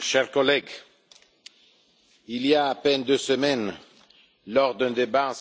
chers collègues il y a à peine deux semaines lors d'un débat en